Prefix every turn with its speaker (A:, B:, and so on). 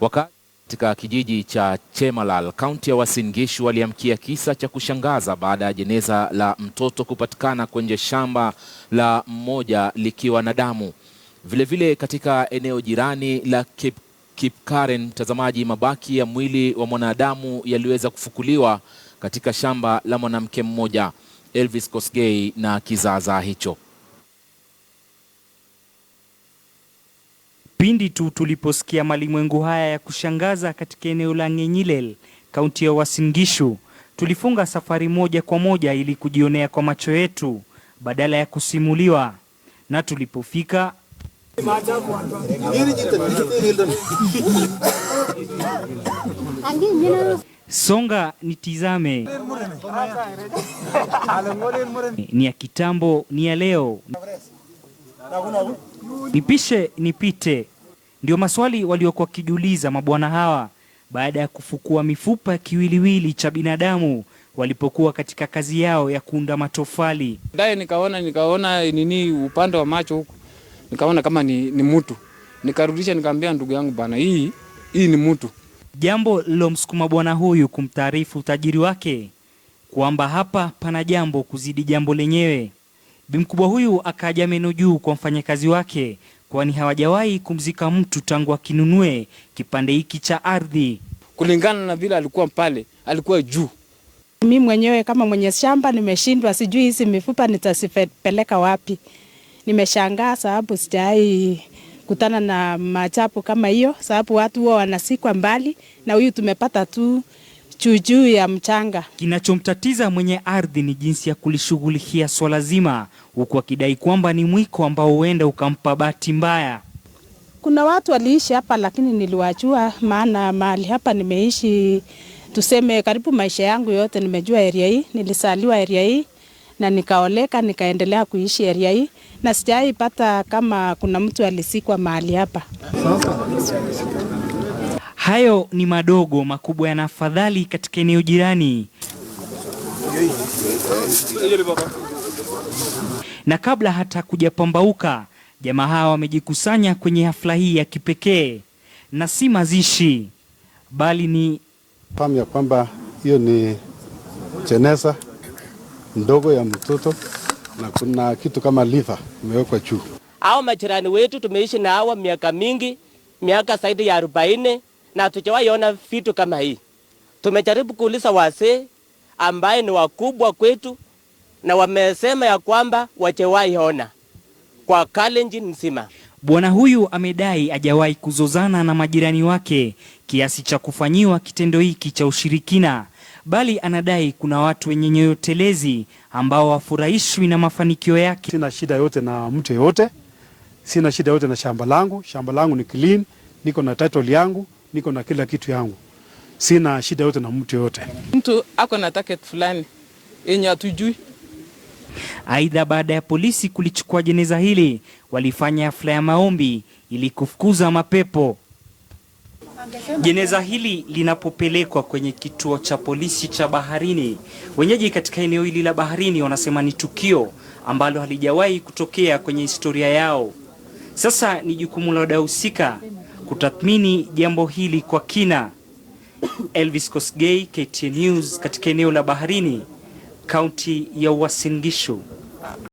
A: Wakazi katika kijiji cha Chemalal, kaunti ya Uasin Gishu waliamkia kisa cha kushangaza baada ya jeneza la mtoto kupatikana kwenye shamba la mmoja likiwa na damu. Vilevile katika eneo jirani la Kip, Kipkaren, mtazamaji, mabaki ya mwili wa mwanadamu yaliweza kufukuliwa katika shamba la mwanamke mmoja Elvis Kosgei na kizaazaa hicho.
B: Pindi tu tuliposikia malimwengu haya ya kushangaza katika eneo la Ngenyilel, kaunti ya Wasingishu, tulifunga safari moja kwa moja ili kujionea kwa macho yetu badala ya kusimuliwa, na tulipofika Songa nitizame, ni ya kitambo, ni ya leo. Nipishe nipite, ndio maswali waliokuwa wakijiuliza mabwana hawa baada ya kufukua mifupa ya kiwiliwili cha binadamu walipokuwa katika kazi yao ya kuunda matofali.
C: Baadaye nikaona nikaona nini upande wa macho huku, nikaona kama ni, ni mtu nikarudisha, nikaambia ndugu yangu bana, hii hii ni mtu.
B: Jambo lilomsukuma bwana huyu kumtaarifu utajiri wake kwamba hapa pana jambo kuzidi jambo lenyewe. Bimkubwa huyu akaja meno juu kwa mfanyakazi wake, kwani hawajawahi kumzika mtu tangu akinunue kipande hiki cha ardhi.
C: Kulingana na vile alikuwa pale, alikuwa juu.
D: Mi mwenyewe kama mwenye shamba nimeshindwa, sijui hizi mifupa nitazipeleka wapi. Nimeshangaa sababu sijai kutana na machapo kama hiyo, sababu watu huwa wanasikwa mbali, na huyu tumepata tu juu ya mchanga.
B: Kinachomtatiza mwenye ardhi ni jinsi ya kulishughulikia swala zima, huku akidai kwamba ni mwiko ambao huenda ukampa bahati mbaya.
D: Kuna watu waliishi hapa, lakini niliwajua, maana mahali hapa nimeishi tuseme karibu maisha yangu yote, nimejua area hii, nilisaliwa area hii na nikaoleka nikaendelea kuishi area hii na sijaipata kama kuna mtu alisikwa mahali hapa.
B: Hayo ni madogo, makubwa yana afadhali katika eneo jirani. Na kabla hata kujapambauka, jamaa hawa wamejikusanya kwenye hafla hii ya kipekee, na si mazishi bali ni
E: fahamu ya kwamba hiyo ni jeneza ndogo ya mtoto na kuna kitu kama liver imewekwa juu.
F: Hao majirani wetu tumeishi na hawa miaka mingi, miaka zaidi ya arobaini na hatujawahi ona vitu kama hii. Tumejaribu kuuliza wazee ambaye ni wakubwa kwetu, na wamesema ya kwamba wajewahi ona kwa Kalenjin nzima.
B: Bwana huyu amedai ajawai kuzozana na majirani wake kiasi cha kufanyiwa kitendo hiki cha ushirikina, bali anadai kuna watu wenye nyoyo telezi ambao wafurahishwi na mafanikio yake.
G: Sina shida yote na mtu yote, sina shida yote na shamba langu. Shamba langu ni clean, niko na title yangu niko na kila kitu yangu, sina shida yote na mtu yote.
H: Mtu ako na target fulani yenye hatujui.
B: Aidha, baada ya polisi kulichukua jeneza hili, walifanya hafla ya maombi ili kufukuza mapepo. Jeneza hili linapopelekwa kwenye kituo cha polisi cha Baharini, wenyeji katika eneo hili la Baharini wanasema ni tukio ambalo halijawahi kutokea kwenye historia yao. Sasa ni jukumu la husika kutathmini jambo hili kwa kina. Elvis Kosgei, KTN News, katika eneo la Baharini, kaunti ya Uasin Gishu.